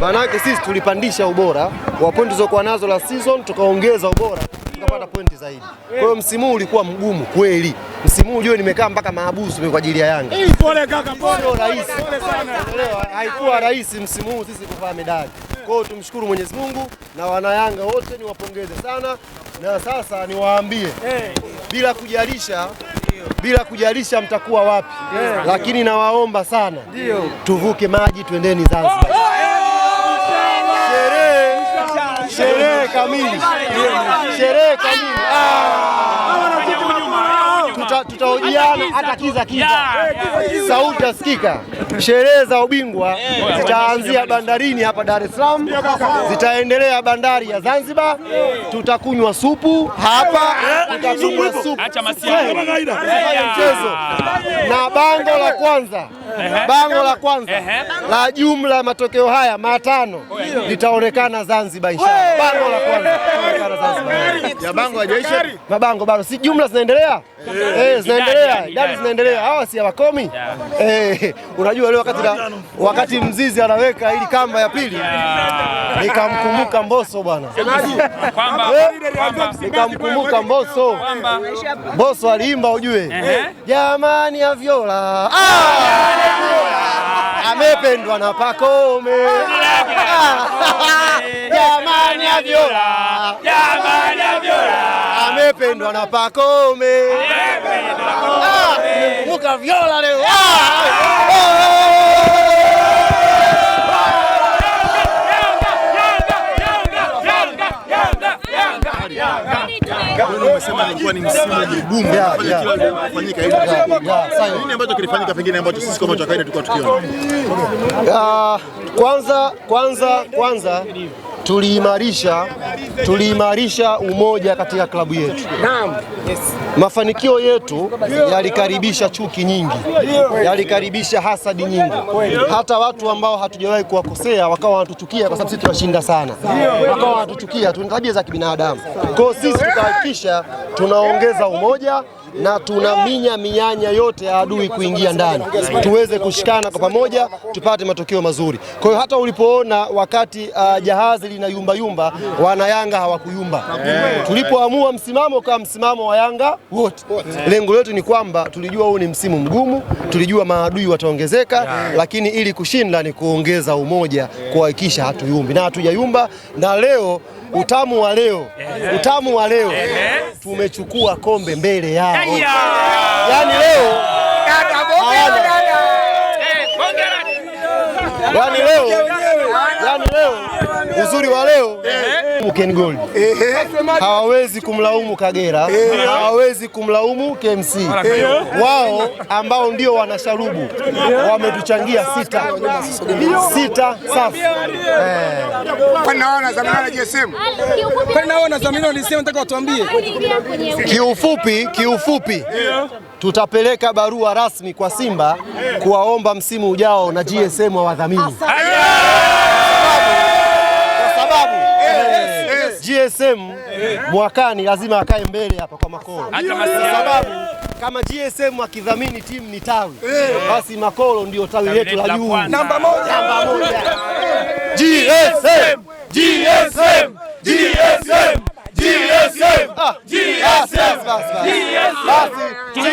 Maanake sisi tulipandisha ubora wa pointi zilizokuwa nazo la season, tukaongeza ubora tukapata pointi zaidi. Kwa hiyo msimu huu ulikuwa mgumu kweli. Msimu huu nimekaa mpaka maabusu kwa ajili ya Yanga. Pole kaka, pole rahisi. Haikuwa rahisi msimu huu sisi kuvaa medali. Kwa hiyo tumshukuru Mwenyezi Mungu na wanayanga wote niwapongeze sana, na sasa niwaambie bila kujalisha bila kujalisha mtakuwa wapi, lakini nawaomba sana tuvuke maji, twendeni Zanzibar. Oh, sherehe kamili, sherehe kamili, ah. tutahojiana hata kiza kiza, sauti tasikika sherehe za ubingwa eh, eh, eh, zitaanzia bandarini hapa Dar es Salaam, zitaendelea bandari ya Zanzibar. Tutakunywa supu hapa, tutakunywa supu, mchezo na bango la kwanza bango la kwanza la jumla ya matokeo haya matano litaonekana Zanzibar inshallah. Bango la kwanza Ya bango hajaisha, mabango bado si jumla, zinaendelea eh, zinaendelea, idadi zinaendelea, hawa si wakomi eh, unajua unajua leo wakati, wakati mzizi anaweka ili kamba ya pili nikamkumbuka mboso bwana, eh? nikamkumbuka mboso mboso aliimba ujue, jamani ya vyola ah! amependwa na Pakome, jamani avyola nimependwa na Pakome, ah, muka viola leo pengine ah, ah, Kwanza kwanza kwanza tuliimarisha tuliimarisha umoja katika klabu yetu. Naam. Yes. Mafanikio yetu yalikaribisha chuki nyingi, yalikaribisha hasadi nyingi, hata watu ambao hatujawahi kuwakosea wakawa wanatuchukia kwa sababu sisi tunashinda sana, wakawa wanatuchukia, tuna tabia za kibinadamu. Kwa hiyo sisi tukahakikisha tunaongeza umoja na tunaminya minyanya yote ya adui kuingia ndani, tuweze kushikana kwa pamoja, tupate matokeo mazuri. Kwa hiyo hata ulipoona wakati uh, jahazi lina yumba yumba, wana Yanga hawakuyumba. Eh. Tulipoamua msimamo kwa msimamo wa Yanga wote, lengo letu ni kwamba tulijua huu ni msimu mgumu, tulijua maadui wataongezeka, lakini ili kushinda ni kuongeza umoja, kuhakikisha hatuyumbi na hatujayumba, na leo utamu wa leo eh. utamu wa leo eh tumechukua kombe mbele yao. Yaani leo yani yaani leo, yani leo uzuri wa leo Ken Gold hawawezi kumlaumu Kagera, hawawezi kumlaumu KMC. Wao ambao ndio wanasharubu wametuchangia sita sita. Sasa eh. kiufupi, kiufupi tutapeleka barua rasmi kwa Simba kuwaomba msimu ujao na GSM wadhamini, kwa sababu GSM mwakani lazima akae mbele hapa kwa Makolo, kwa sababu kama GSM akidhamini timu ni tawi, basi Makolo ndio tawi letu la juu namba moja. GSM GSM GSM GSM GSM